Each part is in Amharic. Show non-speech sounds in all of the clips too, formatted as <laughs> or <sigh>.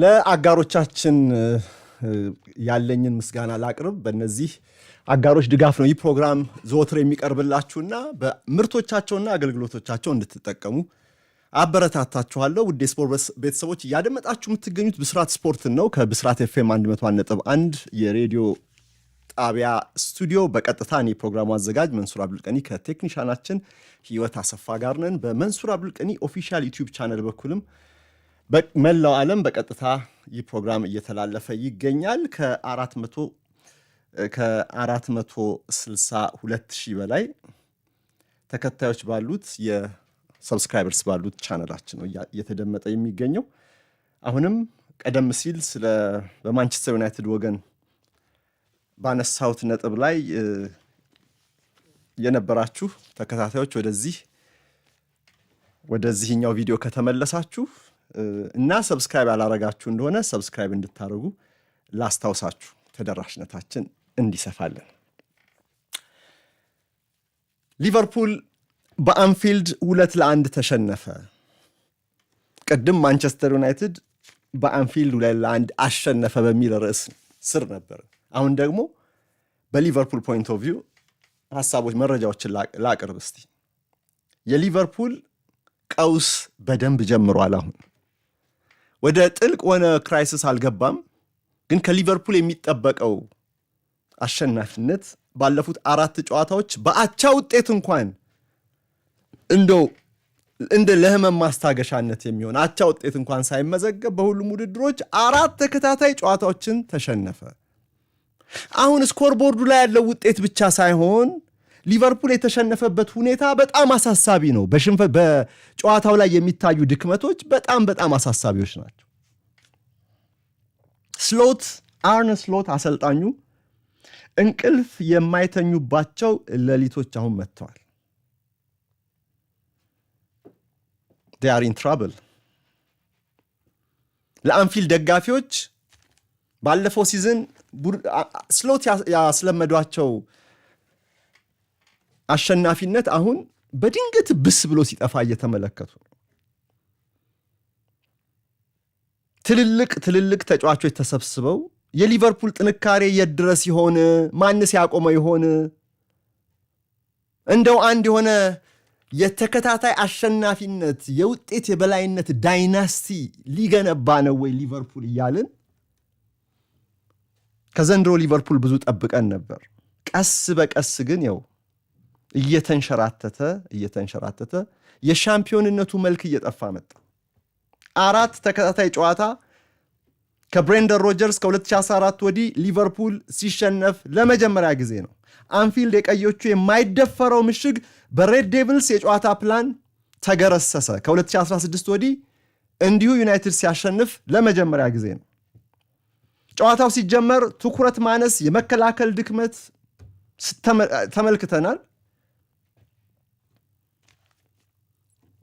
ለአጋሮቻችን ያለኝን ምስጋና ላቅርብ። በእነዚህ አጋሮች ድጋፍ ነው ይህ ፕሮግራም ዘወትር የሚቀርብላችሁና በምርቶቻቸውና አገልግሎቶቻቸው እንድትጠቀሙ አበረታታችኋለሁ። ውድ የስፖርት ቤተሰቦች እያደመጣችሁ የምትገኙት ብስራት ስፖርትን ነው። ከብስራት ኤፍኤም 101.1 የሬዲዮ ጣቢያ ስቱዲዮ በቀጥታ እኔ ፕሮግራሙ አዘጋጅ መንሱር አብዱልቀኒ ከቴክኒሻናችን ህይወት አሰፋ ጋር ነን። በመንሱር አብዱልቀኒ ኦፊሻል ዩቲዩብ ቻነል በኩልም በመላው ዓለም በቀጥታ ይህ ፕሮግራም እየተላለፈ ይገኛል። ከአራት መቶ ከአራት መቶ ስልሳ ሁለት ሺህ በላይ ተከታዮች ባሉት የሰብስክራይበርስ ባሉት ቻነላችን ነው እየተደመጠ የሚገኘው። አሁንም ቀደም ሲል ስለ በማንቸስተር ዩናይትድ ወገን ባነሳሁት ነጥብ ላይ የነበራችሁ ተከታታዮች ወደዚህ ወደዚህኛው ቪዲዮ ከተመለሳችሁ እና ሰብስክራይብ ያላረጋችሁ እንደሆነ ሰብስክራይብ እንድታደርጉ ላስታውሳችሁ፣ ተደራሽነታችን እንዲሰፋልን። ሊቨርፑል በአንፊልድ ሁለት ለአንድ ተሸነፈ። ቅድም ማንቸስተር ዩናይትድ በአንፊልድ ሁለት ለአንድ አሸነፈ በሚል ርዕስ ስር ነበር። አሁን ደግሞ በሊቨርፑል ፖይንት ኦፍ ቪው ሀሳቦች፣ መረጃዎችን ላቅርብ እስቲ። የሊቨርፑል ቀውስ በደንብ ጀምሯል አሁን ወደ ጥልቅ ሆነ ክራይሲስ አልገባም። ግን ከሊቨርፑል የሚጠበቀው አሸናፊነት ባለፉት አራት ጨዋታዎች በአቻ ውጤት እንኳን እንደው እንደ ለህመም ማስታገሻነት የሚሆን አቻ ውጤት እንኳን ሳይመዘገብ በሁሉም ውድድሮች አራት ተከታታይ ጨዋታዎችን ተሸነፈ። አሁን ስኮርቦርዱ ላይ ያለው ውጤት ብቻ ሳይሆን ሊቨርፑል የተሸነፈበት ሁኔታ በጣም አሳሳቢ ነው። በሽንፈት በጨዋታው ላይ የሚታዩ ድክመቶች በጣም በጣም አሳሳቢዎች ናቸው። ስሎት አርነ ስሎት አሰልጣኙ እንቅልፍ የማይተኙባቸው ሌሊቶች አሁን መጥተዋል። ዴይ አር ኢን ትራብል። ደጋፊዎች ባለፈው ሲዝን ስሎት ያስለመዷቸው አሸናፊነት አሁን በድንገት ብስ ብሎ ሲጠፋ እየተመለከቱ ነው። ትልልቅ ትልልቅ ተጫዋቾች ተሰብስበው የሊቨርፑል ጥንካሬ የት ድረስ ይሆን? ማንስ ያቆመ ይሆን? እንደው አንድ የሆነ የተከታታይ አሸናፊነት የውጤት የበላይነት ዳይናስቲ ሊገነባ ነው ወይ ሊቨርፑል እያልን ከዘንድሮ ሊቨርፑል ብዙ ጠብቀን ነበር። ቀስ በቀስ ግን ያው እየተንሸራተተ እየተንሸራተተ የሻምፒዮንነቱ መልክ እየጠፋ መጣ። አራት ተከታታይ ጨዋታ ከብሬንደን ሮጀርስ ከ2014 ወዲህ ሊቨርፑል ሲሸነፍ ለመጀመሪያ ጊዜ ነው። አንፊልድ የቀዮቹ የማይደፈረው ምሽግ በሬድ ዴቪልስ የጨዋታ ፕላን ተገረሰሰ። ከ2016 ወዲህ እንዲሁ ዩናይትድ ሲያሸንፍ ለመጀመሪያ ጊዜ ነው። ጨዋታው ሲጀመር ትኩረት ማነስ፣ የመከላከል ድክመት ተመልክተናል።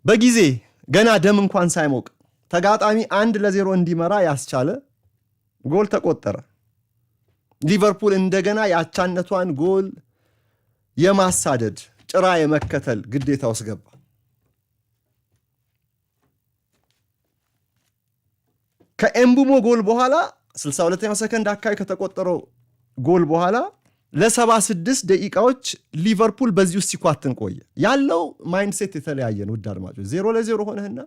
በጊዜ ገና ደም እንኳን ሳይሞቅ ተጋጣሚ አንድ ለዜሮ እንዲመራ ያስቻለ ጎል ተቆጠረ። ሊቨርፑል እንደገና የአቻነቷን ጎል የማሳደድ ጭራ የመከተል ግዴታ ውስጥ ገባ። ከኤምቡሞ ጎል በኋላ 62ኛው ሰከንድ አካባቢ ከተቆጠረው ጎል በኋላ ለ76 ደቂቃዎች ሊቨርፑል በዚህ ውስጥ ሲኳትን ቆየ። ያለው ማይንድሴት የተለያየ ነው። ውድ አድማጮች ዜሮ ለዜሮ ሆነህና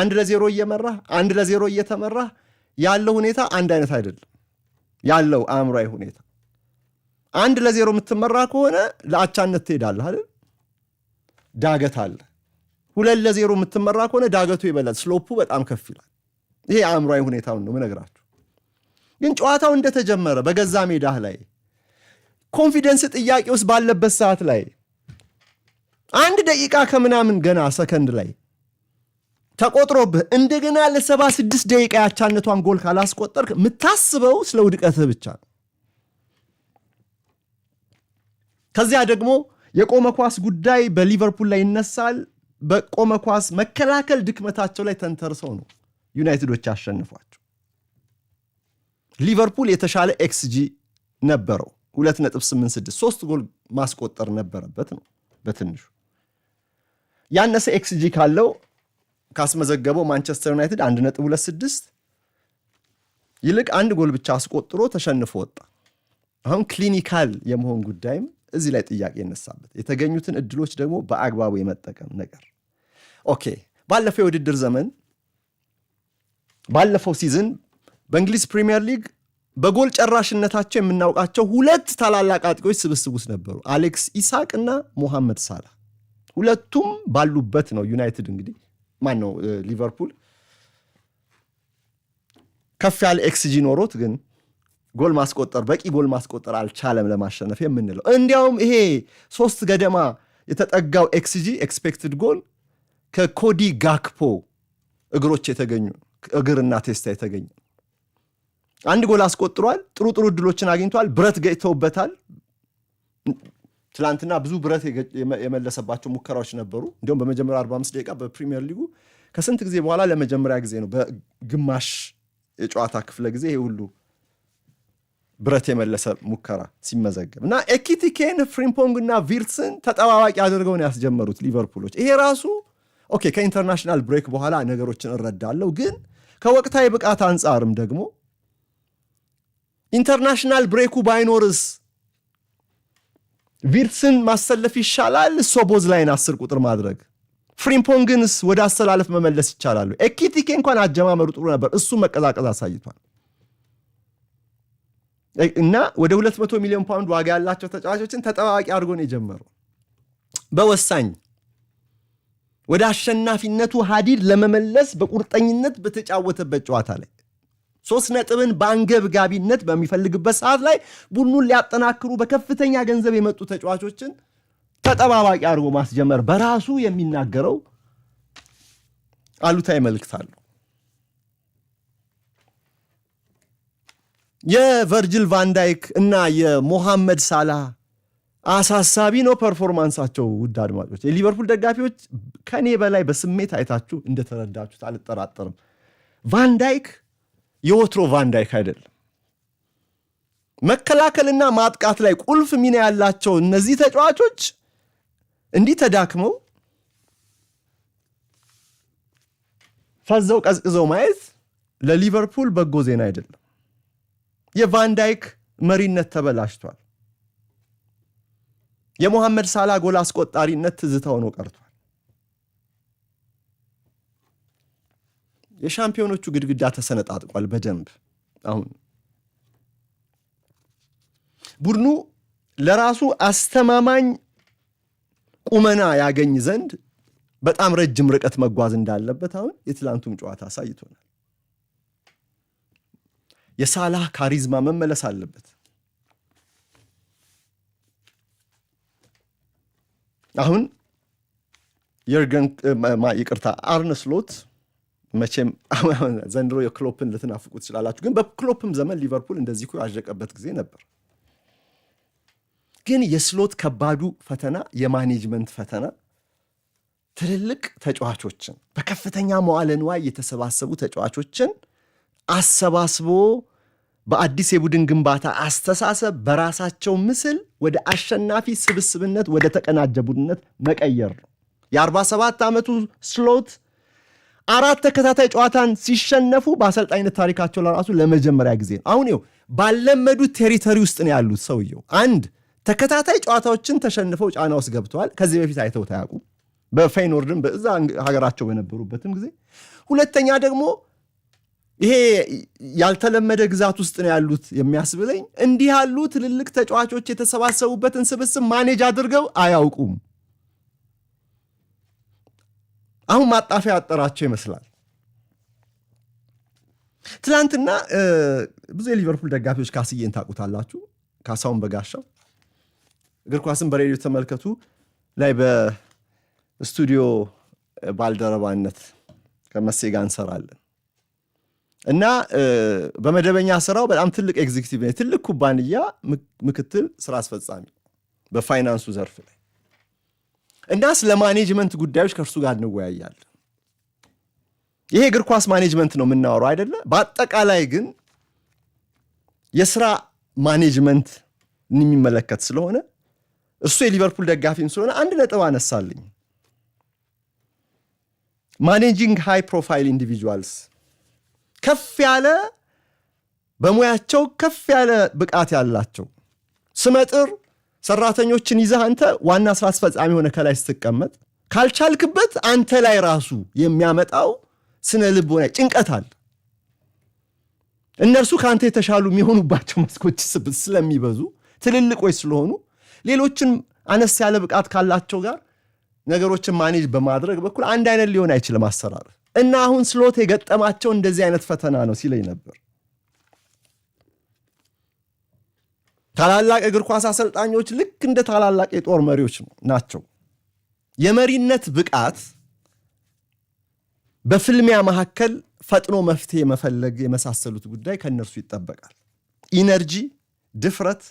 አንድ ለዜሮ እየመራህ አንድ ለዜሮ እየተመራህ ያለው ሁኔታ አንድ አይነት አይደለም። ያለው አእምሯዊ ሁኔታ አንድ ለዜሮ የምትመራ ከሆነ ለአቻነት ትሄዳለህ አይደል? ዳገት አለ። ሁለት ለዜሮ የምትመራ ከሆነ ዳገቱ ይበላል፣ ስሎፑ በጣም ከፍ ይላል። ይሄ አእምሯዊ ሁኔታውን ነው ምነግራችሁ። ግን ጨዋታው እንደተጀመረ በገዛ ሜዳህ ላይ ኮንፊደንስ ጥያቄ ውስጥ ባለበት ሰዓት ላይ አንድ ደቂቃ ከምናምን ገና ሰከንድ ላይ ተቆጥሮብህ እንደገና ለሰባ ስድስት ደቂቃ ያቻነቷን ጎል ካላስቆጠርክ የምታስበው ስለ ውድቀትህ ብቻ ነው። ከዚያ ደግሞ የቆመ ኳስ ጉዳይ በሊቨርፑል ላይ ይነሳል። በቆመ ኳስ መከላከል ድክመታቸው ላይ ተንተርሰው ነው ዩናይትዶች ያሸንፏቸው። ሊቨርፑል የተሻለ ኤክስጂ ነበረው። 2.86 ሶስት ጎል ማስቆጠር ነበረበት ነው በትንሹ ያነሰ ኤክስጂ ካለው ካስመዘገበው ማንቸስተር ዩናይትድ 1.26 ይልቅ አንድ ጎል ብቻ አስቆጥሮ ተሸንፎ ወጣ። አሁን ክሊኒካል የመሆን ጉዳይም እዚህ ላይ ጥያቄ ይነሳበት፣ የተገኙትን እድሎች ደግሞ በአግባቡ የመጠቀም ነገር። ኦኬ ባለፈው የውድድር ዘመን ባለፈው ሲዝን በእንግሊዝ ፕሪምየር ሊግ በጎል ጨራሽነታቸው የምናውቃቸው ሁለት ታላላቅ አጥቂዎች ስብስብ ውስጥ ነበሩ፣ አሌክስ ኢሳቅ እና ሞሐመድ ሳላ። ሁለቱም ባሉበት ነው ዩናይትድ እንግዲህ ማን ነው ሊቨርፑል ከፍ ያለ ኤክስጂ ኖሮት ግን ጎል ማስቆጠር በቂ ጎል ማስቆጠር አልቻለም ለማሸነፍ የምንለው። እንዲያውም ይሄ ሶስት ገደማ የተጠጋው ኤክስጂ ኤክስፔክትድ ጎል ከኮዲ ጋክፖ እግሮች የተገኙ እግርና ቴስታ የተገኘ አንድ ጎል አስቆጥሯል። ጥሩ ጥሩ እድሎችን አግኝቷል። ብረት ገጭተውበታል። ትላንትና ብዙ ብረት የመለሰባቸው ሙከራዎች ነበሩ። እንዲሁም በመጀመሪያ 45 ደቂቃ በፕሪሚየር ሊጉ ከስንት ጊዜ በኋላ ለመጀመሪያ ጊዜ ነው በግማሽ የጨዋታ ክፍለ ጊዜ ይህ ሁሉ ብረት የመለሰ ሙከራ ሲመዘገብ እና ኤኪቲኬን ፍሪምፖንግ እና ቪርትስን ተጠባባቂ አድርገው ነው ያስጀመሩት ሊቨርፑሎች። ይሄ ራሱ ኦኬ ከኢንተርናሽናል ብሬክ በኋላ ነገሮችን እረዳለሁ፣ ግን ከወቅታዊ ብቃት አንጻርም ደግሞ ኢንተርናሽናል ብሬኩ ባይኖርስ ቪርትስን ማሰለፍ ይሻላል፣ ሶቦዝ ላይን አስር ቁጥር ማድረግ ፍሪምፖንግንስ ወደ አሰላለፍ መመለስ ይቻላሉ። ኤኪቲኬ እንኳን አጀማመሩ ጥሩ ነበር፣ እሱ መቀዛቀዝ አሳይቷል። እና ወደ 200 ሚሊዮን ፓውንድ ዋጋ ያላቸው ተጫዋቾችን ተጠባባቂ አድርጎ ነው የጀመረው። በወሳኝ ወደ አሸናፊነቱ ሀዲድ ለመመለስ በቁርጠኝነት በተጫወተበት ጨዋታ ላይ ሶስት ነጥብን በአንገብ ጋቢነት በሚፈልግበት ሰዓት ላይ ቡድኑን ሊያጠናክሩ በከፍተኛ ገንዘብ የመጡ ተጫዋቾችን ተጠባባቂ አድርጎ ማስጀመር በራሱ የሚናገረው አሉታዊ መልእክት አለው። የቨርጅል ቫንዳይክ እና የሞሐመድ ሳላህ አሳሳቢ ነው ፐርፎርማንሳቸው። ውድ አድማጮች፣ የሊቨርፑል ደጋፊዎች ከኔ በላይ በስሜት አይታችሁ እንደተረዳችሁት አልጠራጠርም። ቫንዳይክ የወትሮ ቫንዳይክ አይደለም። መከላከልና ማጥቃት ላይ ቁልፍ ሚና ያላቸው እነዚህ ተጫዋቾች እንዲህ ተዳክመው ፈዘው ቀዝቅዘው ማየት ለሊቨርፑል በጎ ዜና አይደለም። የቫንዳይክ መሪነት ተበላሽቷል። የሞሐመድ ሳላ ጎል አስቆጣሪነት ትዝታ ሆኖ ቀርቷል። የሻምፒዮኖቹ ግድግዳ ተሰነጣጥቋል በደንብ አሁን ቡድኑ ለራሱ አስተማማኝ ቁመና ያገኝ ዘንድ በጣም ረጅም ርቀት መጓዝ እንዳለበት አሁን የትላንቱም ጨዋታ አሳይቶናል። የሳላህ ካሪዝማ መመለስ አለበት። አሁን የርገን ይቅርታ አርነስሎት መቼም <laughs> ዘንድሮ የክሎፕን ልትናፍቁ ትችላላችሁ፣ ግን በክሎፕም ዘመን ሊቨርፑል እንደዚህ እኮ ያዠቀበት ጊዜ ነበር። ግን የስሎት ከባዱ ፈተና የማኔጅመንት ፈተና ትልልቅ ተጫዋቾችን በከፍተኛ መዋለ ንዋይ የተሰባሰቡ ተጫዋቾችን አሰባስቦ በአዲስ የቡድን ግንባታ አስተሳሰብ በራሳቸው ምስል ወደ አሸናፊ ስብስብነት ወደ ተቀናጀ ቡድነት መቀየር ነው። የ47 ዓመቱ ስሎት አራት ተከታታይ ጨዋታን ሲሸነፉ በአሰልጣኝነት ታሪካቸው ለራሱ ለመጀመሪያ ጊዜ አሁን ው ባለመዱት ቴሪተሪ ውስጥ ነው ያሉት ሰውየው። አንድ ተከታታይ ጨዋታዎችን ተሸንፈው ጫና ውስጥ ገብተዋል። ከዚህ በፊት አይተው ታያቁ በፌይኖርድም በዛ ሀገራቸው በነበሩበትም ጊዜ። ሁለተኛ ደግሞ ይሄ ያልተለመደ ግዛት ውስጥ ነው ያሉት የሚያስብለኝ እንዲህ ያሉ ትልልቅ ተጫዋቾች የተሰባሰቡበትን ስብስብ ማኔጅ አድርገው አያውቁም። አሁን ማጣፊያ ያጠራቸው ይመስላል። ትናንትና ብዙ የሊቨርፑል ደጋፊዎች ካስዬን ታቁታላችሁ ካሳውን በጋሻው እግር ኳስን በሬዲዮ ተመልከቱ ላይ በስቱዲዮ ባልደረባነት ከመሴ ጋር እንሰራለን እና በመደበኛ ስራው በጣም ትልቅ ኤግዚኪቲቭ ትልቅ ኩባንያ ምክትል ስራ አስፈጻሚ በፋይናንሱ ዘርፍ ላይ እና ስለ ማኔጅመንት ጉዳዮች ከእርሱ ጋር እንወያያለን። ይሄ እግር ኳስ ማኔጅመንት ነው የምናወረው አይደለ? በአጠቃላይ ግን የስራ ማኔጅመንት የሚመለከት ስለሆነ እሱ የሊቨርፑል ደጋፊም ስለሆነ አንድ ነጥብ አነሳልኝ። ማኔጂንግ ሃይ ፕሮፋይል ኢንዲቪጁዋልስ ከፍ ያለ በሙያቸው ከፍ ያለ ብቃት ያላቸው ስመጥር ሰራተኞችን ይዘህ አንተ ዋና ስራ አስፈጻሚ ሆነ ከላይ ስትቀመጥ ካልቻልክበት አንተ ላይ ራሱ የሚያመጣው ስነ ሆነ ጭንቀት አለ። እነርሱ ከአንተ የተሻሉ የሚሆኑባቸው መስኮች ስለሚበዙ ትልልቆች ስለሆኑ ሌሎችን አነስ ያለ ብቃት ካላቸው ጋር ነገሮችን ማኔጅ በማድረግ በኩል አንድ አይነት ሊሆን አይችልም አሰራር እና አሁን ስሎት የገጠማቸው እንደዚህ አይነት ፈተና ነው ሲለኝ ነበር። ታላላቅ እግር ኳስ አሰልጣኞች ልክ እንደ ታላላቅ የጦር መሪዎች ናቸው። የመሪነት ብቃት በፍልሚያ መካከል ፈጥኖ መፍትሄ መፈለግ የመሳሰሉት ጉዳይ ከእነርሱ ይጠበቃል። ኢነርጂ፣ ድፍረት፣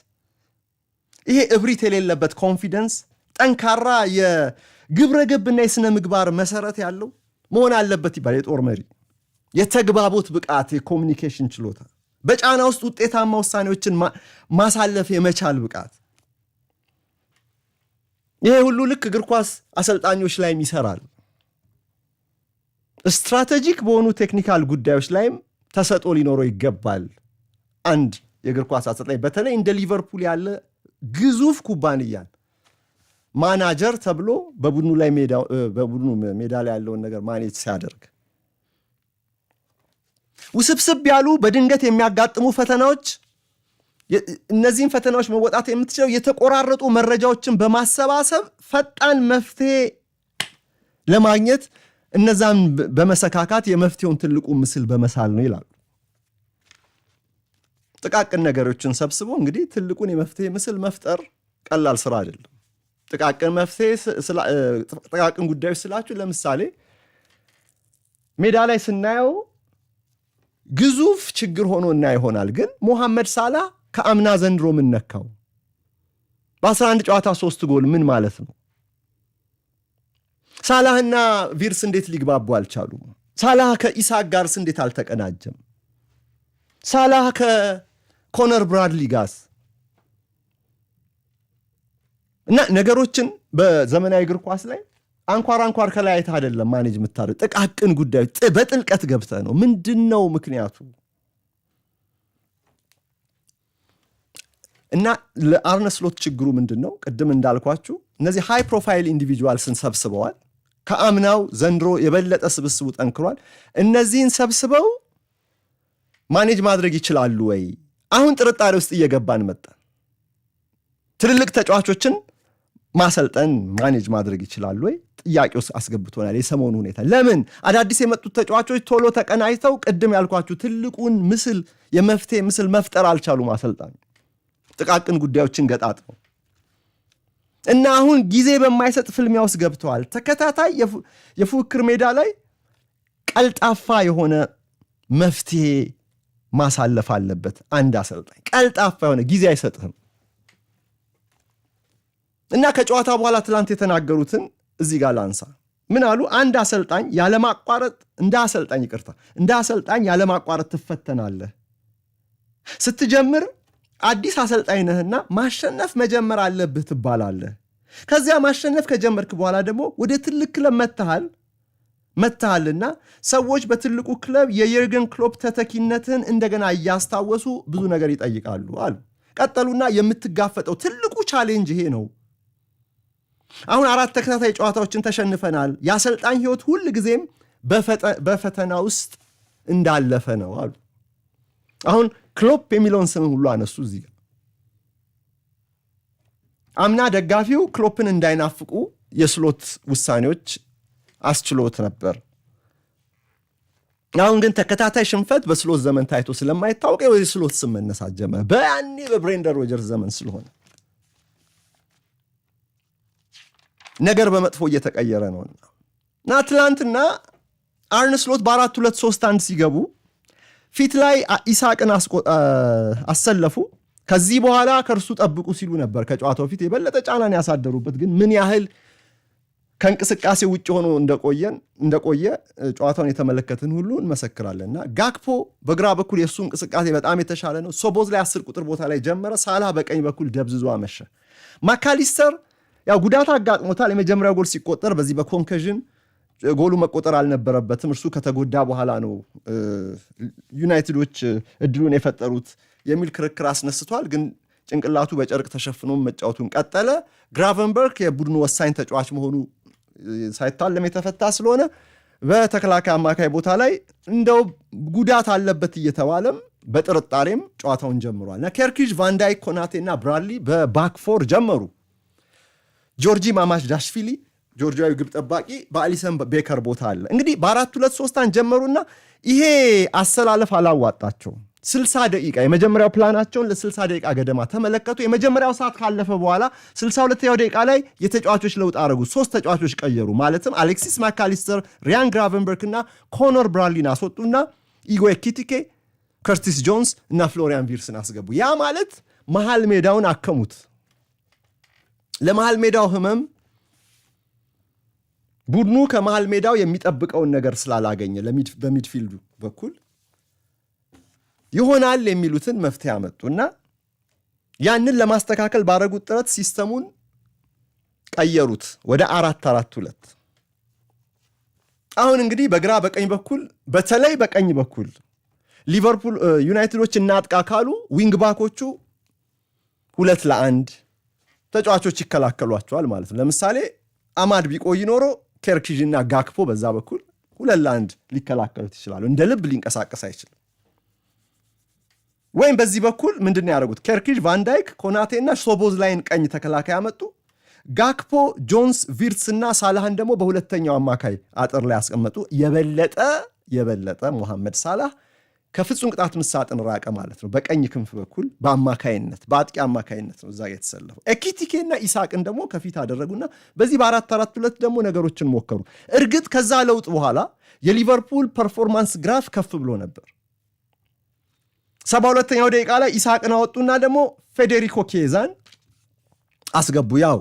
ይሄ እብሪት የሌለበት ኮንፊደንስ፣ ጠንካራ የግብረ ገብና የሥነ ምግባር መሰረት ያለው መሆን አለበት ይባል። የጦር መሪ የተግባቦት ብቃት፣ የኮሚኒኬሽን ችሎታ በጫና ውስጥ ውጤታማ ውሳኔዎችን ማሳለፍ የመቻል ብቃት። ይሄ ሁሉ ልክ እግር ኳስ አሰልጣኞች ላይም ይሰራል። ስትራቴጂክ በሆኑ ቴክኒካል ጉዳዮች ላይም ተሰጦ ሊኖረው ይገባል። አንድ የእግር ኳስ አሰልጣኝ በተለይ እንደ ሊቨርፑል ያለ ግዙፍ ኩባንያን ማናጀር ተብሎ በቡድኑ ላይ በቡድኑ ሜዳ ላይ ያለውን ነገር ማኔጅ ሲያደርግ ውስብስብ ያሉ በድንገት የሚያጋጥሙ ፈተናዎች፣ እነዚህን ፈተናዎች መወጣት የምትችለው የተቆራረጡ መረጃዎችን በማሰባሰብ ፈጣን መፍትሄ ለማግኘት እነዛን በመሰካካት የመፍትሄውን ትልቁ ምስል በመሳል ነው ይላሉ። ጥቃቅን ነገሮችን ሰብስቦ እንግዲህ ትልቁን የመፍትሄ ምስል መፍጠር ቀላል ስራ አይደለም። ጥቃቅን መፍትሄ ጥቃቅን ጉዳዮች ስላችሁ ለምሳሌ ሜዳ ላይ ስናየው ግዙፍ ችግር ሆኖ እና ይሆናል። ግን ሞሐመድ ሳላ ከአምና ዘንድሮ ምን ነካው? በ11 ጨዋታ ሶስት ጎል ምን ማለት ነው? ሳላህና ቪርስ እንዴት ሊግባቡ አልቻሉም? ሳላህ ከኢሳቅ ጋርስ እንዴት አልተቀናጀም? ሳላህ ከኮነር ብራድሊ ጋስ እና ነገሮችን በዘመናዊ እግር ኳስ ላይ አንኳር አንኳር ከላይ አይደለም ማኔጅ የምታደርግ ጥቃቅን ጉዳዮች በጥልቀት ገብተ ነው። ምንድን ነው ምክንያቱ? እና ለአርነስሎት ችግሩ ምንድን ነው? ቅድም እንዳልኳችሁ እነዚህ ሃይ ፕሮፋይል ኢንዲቪጁዋልስን ሰብስበዋል። ከአምናው ዘንድሮ የበለጠ ስብስቡ ጠንክሯል። እነዚህን ሰብስበው ማኔጅ ማድረግ ይችላሉ ወይ? አሁን ጥርጣሬ ውስጥ እየገባን መጣን። ትልልቅ ተጫዋቾችን ማሰልጠን ማኔጅ ማድረግ ይችላሉ ወይ? ጥያቄ ውስጥ አስገብቶናል። የሰሞኑ ሁኔታ ለምን አዳዲስ የመጡት ተጫዋቾች ቶሎ ተቀናጅተው ቅድም ያልኳችሁ ትልቁን ምስል የመፍትሄ ምስል መፍጠር አልቻሉም። አሰልጣኝ ጥቃቅን ጉዳዮችን ገጣጥመው እና አሁን ጊዜ በማይሰጥ ፍልሚያ ውስጥ ገብተዋል። ተከታታይ የፉክክር ሜዳ ላይ ቀልጣፋ የሆነ መፍትሄ ማሳለፍ አለበት። አንድ አሰልጣኝ ቀልጣፋ የሆነ ጊዜ አይሰጥህም እና ከጨዋታ በኋላ ትላንት የተናገሩትን እዚህ ጋር ላንሳ። ምን አሉ? አንድ አሰልጣኝ ያለማቋረጥ እንደ አሰልጣኝ ይቅርታ፣ እንደ አሰልጣኝ ያለማቋረጥ ትፈተናለህ። ስትጀምር አዲስ አሰልጣኝ ነህና ማሸነፍ መጀመር አለብህ ትባላለህ። ከዚያ ማሸነፍ ከጀመርክ በኋላ ደግሞ ወደ ትልቅ ክለብ መትሃል መትሃልና ሰዎች በትልቁ ክለብ የዩርገን ክሎፕ ተተኪነትን እንደገና እያስታወሱ ብዙ ነገር ይጠይቃሉ አሉ። ቀጠሉና የምትጋፈጠው ትልቁ ቻሌንጅ ይሄ ነው አሁን አራት ተከታታይ ጨዋታዎችን ተሸንፈናል። የአሰልጣኝ ህይወት ሁል ጊዜም በፈተና ውስጥ እንዳለፈ ነው አሉ። አሁን ክሎፕ የሚለውን ስም ሁሉ አነሱ። እዚህ አምና ደጋፊው ክሎፕን እንዳይናፍቁ የስሎት ውሳኔዎች አስችሎት ነበር። አሁን ግን ተከታታይ ሽንፈት በስሎት ዘመን ታይቶ ስለማይታወቅ የስሎት ስም መነሳት ጀመረ። በያኔ በብሬንደር ሮጀርስ ዘመን ስለሆነ ነገር በመጥፎ እየተቀየረ ነው እና ትላንትና አርንስሎት በአራት ሁለት ሶስት አንድ ሲገቡ ፊት ላይ ኢሳቅን አሰለፉ። ከዚህ በኋላ ከእርሱ ጠብቁ ሲሉ ነበር ከጨዋታው ፊት የበለጠ ጫናን ያሳደሩበት። ግን ምን ያህል ከእንቅስቃሴ ውጭ ሆኖ እንደቆየ ጨዋታውን የተመለከትን ሁሉ እንመሰክራለንና ጋክፖ በግራ በኩል የእሱ እንቅስቃሴ በጣም የተሻለ ነው። ሶቦዝ ላይ አስር ቁጥር ቦታ ላይ ጀመረ። ሳላ በቀኝ በኩል ደብዝዞ አመሸ። ማካሊስተር ያው ጉዳት አጋጥሞታል። የመጀመሪያው ጎል ሲቆጠር በዚህ በኮንከዥን ጎሉ መቆጠር አልነበረበትም። እርሱ ከተጎዳ በኋላ ነው ዩናይትዶች እድሉን የፈጠሩት የሚል ክርክር አስነስቷል። ግን ጭንቅላቱ በጨርቅ ተሸፍኖ መጫወቱን ቀጠለ። ግራቨንበርግ የቡድኑ ወሳኝ ተጫዋች መሆኑ ሳይታለም የተፈታ ስለሆነ በተከላካይ አማካይ ቦታ ላይ እንደው ጉዳት አለበት እየተባለም በጥርጣሬም ጨዋታውን ጀምሯል እና ኬርኪዥ፣ ቫንዳይክ፣ ኮናቴ እና ብራድሊ በባክፎር ጀመሩ። ጆርጂ ማማሽ ዳሽቪሊ ጆርጂያዊ ግብ ጠባቂ በአሊሰን ቤከር ቦታ አለ። እንግዲህ በአራት ሁለት ሶስት ጀመሩና ይሄ አሰላለፍ አላዋጣቸውም። ስልሳ ደቂቃ የመጀመሪያው ፕላናቸውን ለስልሳ ደቂቃ ገደማ ተመለከቱ። የመጀመሪያው ሰዓት ካለፈ በኋላ ስልሳ ሁለተኛው ደቂቃ ላይ የተጫዋቾች ለውጥ አረጉ። ሶስት ተጫዋቾች ቀየሩ። ማለትም አሌክሲስ ማካሊስተር፣ ሪያን ግራቨንበርግ እና ኮኖር ብራድሊን አስወጡና ኢጎ ኪቲኬ፣ ከርቲስ ጆንስ እና ፍሎሪያን ቪርስን አስገቡ። ያ ማለት መሀል ሜዳውን አከሙት። ለመሃል ሜዳው ህመም ቡድኑ ከመሃል ሜዳው የሚጠብቀውን ነገር ስላላገኘ በሚድፊልዱ በኩል ይሆናል የሚሉትን መፍትሄ እና ያንን ለማስተካከል ባረጉት ጥረት ሲስተሙን ቀየሩት ወደ አራት አራት ሁለት። አሁን እንግዲህ በግራ በቀኝ በኩል በተለይ በቀኝ በኩል ሊቨርፑል ዩናይትዶች እናጥቃ ካሉ ዊንግ ባኮቹ ሁለት ለአንድ ተጫዋቾች ይከላከሏቸዋል ማለት ነው። ለምሳሌ አማድ ቢቆይ ኖሮ ኬርኪዥ እና ጋክፖ በዛ በኩል ሁለት ለአንድ ሊከላከሉት ይችላሉ። እንደ ልብ ሊንቀሳቀስ አይችልም። ወይም በዚህ በኩል ምንድን ነው ያደረጉት? ኬርኪዥ፣ ቫንዳይክ፣ ኮናቴ እና ሶቦዝ ላይን ቀኝ ተከላካይ ያመጡ። ጋክፖ፣ ጆንስ፣ ቪርትስ እና ሳላህን ደግሞ በሁለተኛው አማካይ አጥር ላይ ያስቀመጡ። የበለጠ የበለጠ ሞሐመድ ሳላህ ከፍጹም ቅጣት ምሳጥን ራቀ ማለት ነው። በቀኝ ክንፍ በኩል በአማካይነት በአጥቂ አማካይነት ነው እዛ የተሰለፈው። ኤኪቲኬና ኢሳቅን ደግሞ ከፊት አደረጉና በዚህ በአራት አራት ሁለት ደግሞ ነገሮችን ሞከሩ። እርግጥ ከዛ ለውጥ በኋላ የሊቨርፑል ፐርፎርማንስ ግራፍ ከፍ ብሎ ነበር። ሰባ ሁለተኛው ደቂቃ ላይ ኢሳቅን አወጡና ደግሞ ፌዴሪኮ ኬዛን አስገቡ። ያው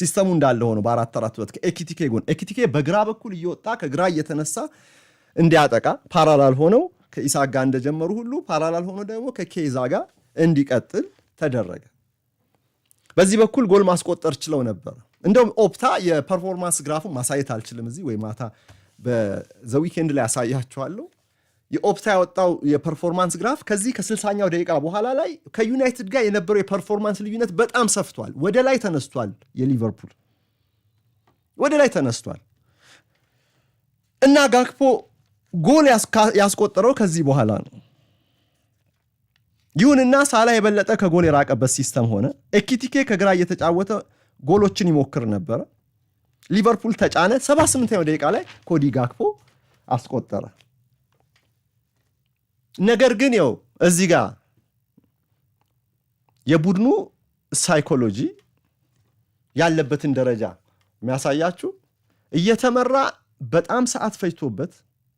ሲስተሙ እንዳለ ሆኖ በአራት አራት ሁለት ከኤኪቲኬ ጎን ኤኪቲኬ በግራ በኩል እየወጣ ከግራ እየተነሳ እንዲያጠቃ ፓራላል ሆነው ከኢሳቅ ጋር እንደጀመሩ ሁሉ ፓራላል ሆኖ ደግሞ ከኬዛ ጋር እንዲቀጥል ተደረገ። በዚህ በኩል ጎል ማስቆጠር ችለው ነበር። እንደውም ኦፕታ የፐርፎርማንስ ግራፉን ማሳየት አልችልም፣ እዚህ ወይ ማታ በዘዊኬንድ ላይ ያሳያችኋለሁ። የኦፕታ ያወጣው የፐርፎርማንስ ግራፍ ከዚህ ከስልሳኛው ደቂቃ በኋላ ላይ ከዩናይትድ ጋር የነበረው የፐርፎርማንስ ልዩነት በጣም ሰፍቷል። ወደ ላይ ተነስቷል። የሊቨርፑል ወደ ላይ ተነስቷል እና ጋክፖ ጎል ያስቆጠረው ከዚህ በኋላ ነው። ይሁንና ሳላ የበለጠ ከጎል የራቀበት ሲስተም ሆነ። ኤኪቲኬ ከግራ እየተጫወተ ጎሎችን ይሞክር ነበረ። ሊቨርፑል ተጫነ። 78ኛው ደቂቃ ላይ ኮዲ ጋክፖ አስቆጠረ። ነገር ግን ያው እዚህ ጋር የቡድኑ ሳይኮሎጂ ያለበትን ደረጃ የሚያሳያችሁ እየተመራ በጣም ሰዓት ፈጅቶበት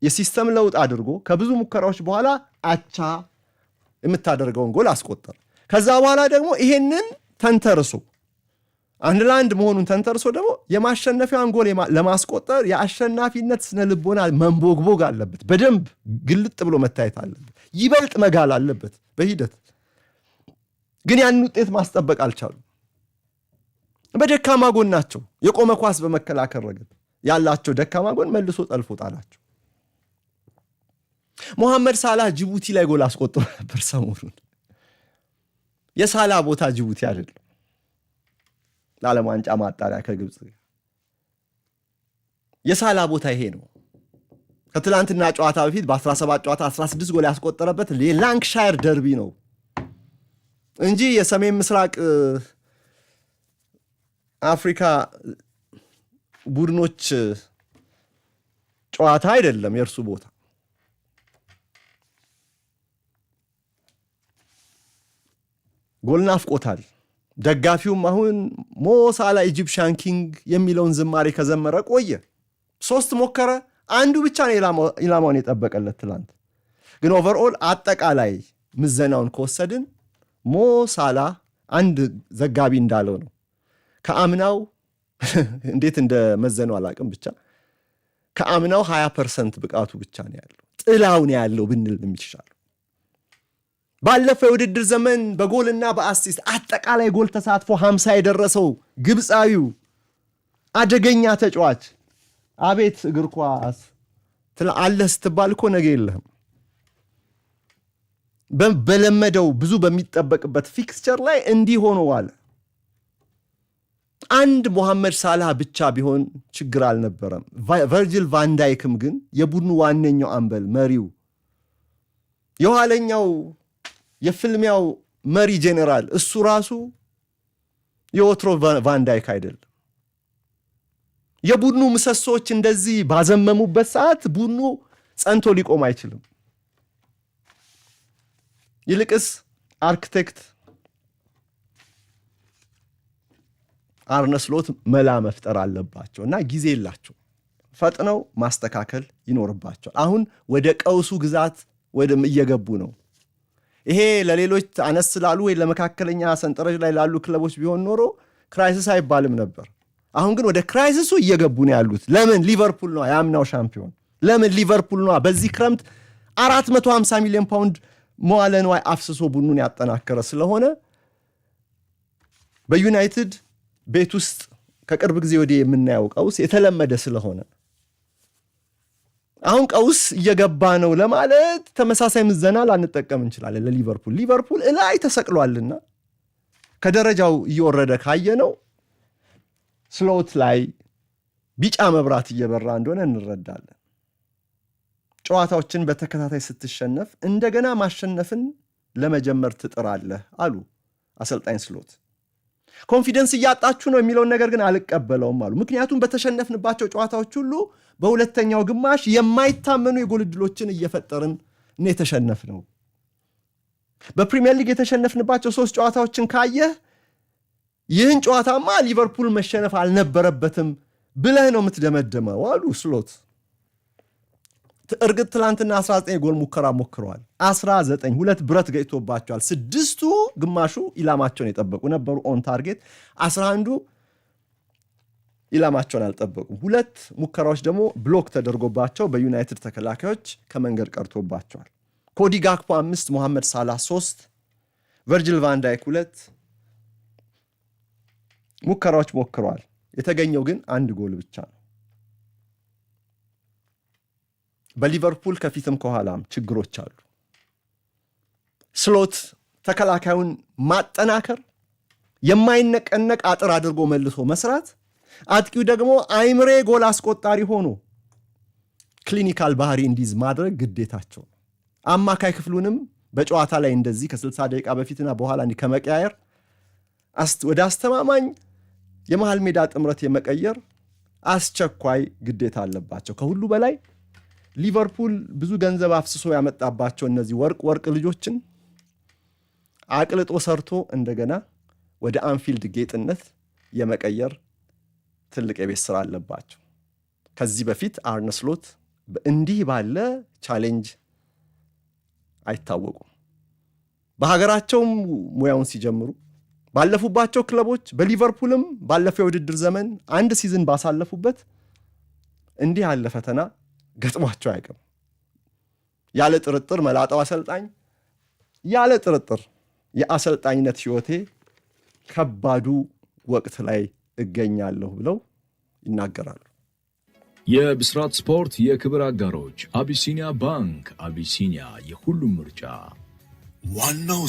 የሲስተም ለውጥ አድርጎ ከብዙ ሙከራዎች በኋላ አቻ የምታደርገውን ጎል አስቆጠረ። ከዛ በኋላ ደግሞ ይሄንን ተንተርሶ አንድ ለአንድ መሆኑን ተንተርሶ ደግሞ የማሸነፊያን ጎል ለማስቆጠር የአሸናፊነት ስነ ልቦና መንቦግቦግ አለበት። በደንብ ግልጥ ብሎ መታየት አለበት። ይበልጥ መጋል አለበት። በሂደት ግን ያንን ውጤት ማስጠበቅ አልቻሉም። በደካማ ናቸው። የቆመ ኳስ በመከላከል ረገድ ያላቸው ደካማ ጎን መልሶ ጠልፎ ጣላቸው። ሞሐመድ ሳላህ ጅቡቲ ላይ ጎል አስቆጥሮ ነበር ሰሞኑን። የሳላ ቦታ ጅቡቲ አይደለም። ለዓለም ዋንጫ ማጣሪያ ከግብፅ የሳላ ቦታ ይሄ ነው። ከትላንትና ጨዋታ በፊት በ17 ጨዋታ 16 ጎል ያስቆጠረበት የላንክሻየር ደርቢ ነው እንጂ የሰሜን ምስራቅ አፍሪካ ቡድኖች ጨዋታ አይደለም የእርሱ ቦታ። ጎል ናፍቆታል። ደጋፊውም አሁን ሞሳላ ኢጂፕሽያን ኪንግ የሚለውን ዝማሬ ከዘመረ ቆየ። ሶስት ሞከረ፣ አንዱ ብቻ ነው ኢላማውን የጠበቀለት። ትላንት ግን ኦቨርኦል አጠቃላይ ምዘናውን ከወሰድን ሞሳላ አንድ ዘጋቢ እንዳለው ነው ከአምናው <laughs> እንዴት እንደመዘነው አላቅም፣ ብቻ ከአምናው 20 ፐርሰንት ብቃቱ ብቻ ነው ያለው ጥላውን ያለው ብንል የሚችላል። ባለፈው የውድድር ዘመን በጎልና በአሲስት አጠቃላይ ጎል ተሳትፎ 50 የደረሰው ግብፃዊው አደገኛ ተጫዋች አቤት እግር ኳስ አለህ ስትባል እኮ ነገ የለህም። በለመደው ብዙ በሚጠበቅበት ፊክስቸር ላይ እንዲህ ሆነዋል። አንድ ሞሐመድ ሳላህ ብቻ ቢሆን ችግር አልነበረም። ቨርጂል ቫንዳይክም ግን የቡድኑ ዋነኛው አምበል መሪው የኋለኛው የፍልሚያው መሪ ጄኔራል እሱ ራሱ የወትሮ ቫንዳይክ አይደለም። የቡድኑ ምሰሶዎች እንደዚህ ባዘመሙበት ሰዓት ቡድኑ ጸንቶ ሊቆም አይችልም። ይልቅስ አርክቴክት አርነስሎት መላ መፍጠር አለባቸው እና ጊዜ የላቸው ፈጥነው ማስተካከል ይኖርባቸዋል። አሁን ወደ ቀውሱ ግዛት ወደም እየገቡ ነው። ይሄ ለሌሎች አነስ ላሉ ወይ ለመካከለኛ ሰንጠረዥ ላይ ላሉ ክለቦች ቢሆን ኖሮ ክራይሲስ አይባልም ነበር። አሁን ግን ወደ ክራይሲሱ እየገቡ ነው ያሉት። ለምን ሊቨርፑል ነው ያምናው ሻምፒዮን? ለምን ሊቨርፑል ነው በዚህ ክረምት 450 ሚሊዮን ፓውንድ መዋለ ንዋይ አፍስሶ ቡድኑን ያጠናከረ ስለሆነ በዩናይትድ ቤት ውስጥ ከቅርብ ጊዜ ወዲህ የምናየው ቀውስ የተለመደ ስለሆነ አሁን ቀውስ እየገባ ነው ለማለት ተመሳሳይ ምዘና ላንጠቀም እንችላለን። ለሊቨርፑል ሊቨርፑል እላይ ተሰቅሏልና ከደረጃው እየወረደ ካየ ነው ስሎት ላይ ቢጫ መብራት እየበራ እንደሆነ እንረዳለን። ጨዋታዎችን በተከታታይ ስትሸነፍ እንደገና ማሸነፍን ለመጀመር ትጥራለህ አሉ አሰልጣኝ ስሎት። ኮንፊደንስ እያጣችሁ ነው የሚለውን ነገር ግን አልቀበለውም አሉ። ምክንያቱም በተሸነፍንባቸው ጨዋታዎች ሁሉ በሁለተኛው ግማሽ የማይታመኑ የጎል ዕድሎችን እየፈጠርን ነው የተሸነፍነው። በፕሪሚየር ሊግ የተሸነፍንባቸው ሶስት ጨዋታዎችን ካየህ ይህን ጨዋታማ ሊቨርፑል መሸነፍ አልነበረበትም ብለህ ነው የምትደመደመው አሉ ስሎት። እርግጥ ትላንትና 19 ጎል ሙከራ ሞክረዋል። 19 ሁለት ብረት ገጭቶባቸዋል። ስድስቱ ግማሹ ኢላማቸውን የጠበቁ ነበሩ ኦን ታርጌት፣ 11ዱ ኢላማቸውን አልጠበቁም። ሁለት ሙከራዎች ደግሞ ብሎክ ተደርጎባቸው በዩናይትድ ተከላካዮች ከመንገድ ቀርቶባቸዋል። ኮዲ ጋክፖ አምስት፣ ሞሐመድ ሳላ ሶስት፣ ቨርጅል ቫንዳይክ ሁለት ሙከራዎች ሞክረዋል። የተገኘው ግን አንድ ጎል ብቻ ነው። በሊቨርፑል ከፊትም ከኋላም ችግሮች አሉ። ስሎት ተከላካዩን ማጠናከር፣ የማይነቀነቅ አጥር አድርጎ መልሶ መስራት፣ አጥቂው ደግሞ አይምሬ ጎል አስቆጣሪ ሆኖ ክሊኒካል ባህሪ እንዲይዝ ማድረግ ግዴታቸው ነው። አማካይ ክፍሉንም በጨዋታ ላይ እንደዚህ ከ60 ደቂቃ በፊትና በኋላ እንዲህ ከመቀያየር ወደ አስተማማኝ የመሃል ሜዳ ጥምረት የመቀየር አስቸኳይ ግዴታ አለባቸው ከሁሉ በላይ ሊቨርፑል ብዙ ገንዘብ አፍስሶ ያመጣባቸው እነዚህ ወርቅ ወርቅ ልጆችን አቅልጦ ሰርቶ እንደገና ወደ አንፊልድ ጌጥነት የመቀየር ትልቅ የቤት ስራ አለባቸው። ከዚህ በፊት አርነ ስሎት እንዲህ ባለ ቻሌንጅ አይታወቁም። በሀገራቸውም ሙያውን ሲጀምሩ ባለፉባቸው ክለቦች በሊቨርፑልም ባለፈው የውድድር ዘመን አንድ ሲዝን ባሳለፉበት እንዲህ ያለ ፈተና ገጥሟቸው አያውቅም። ያለ ጥርጥር መላጣው አሰልጣኝ ያለ ጥርጥር የአሰልጣኝነት ሕይወቴ ከባዱ ወቅት ላይ እገኛለሁ ብለው ይናገራሉ። የብስራት ስፖርት የክብር አጋሮች አቢሲኒያ ባንክ። አቢሲኒያ የሁሉም ምርጫ። ዋናው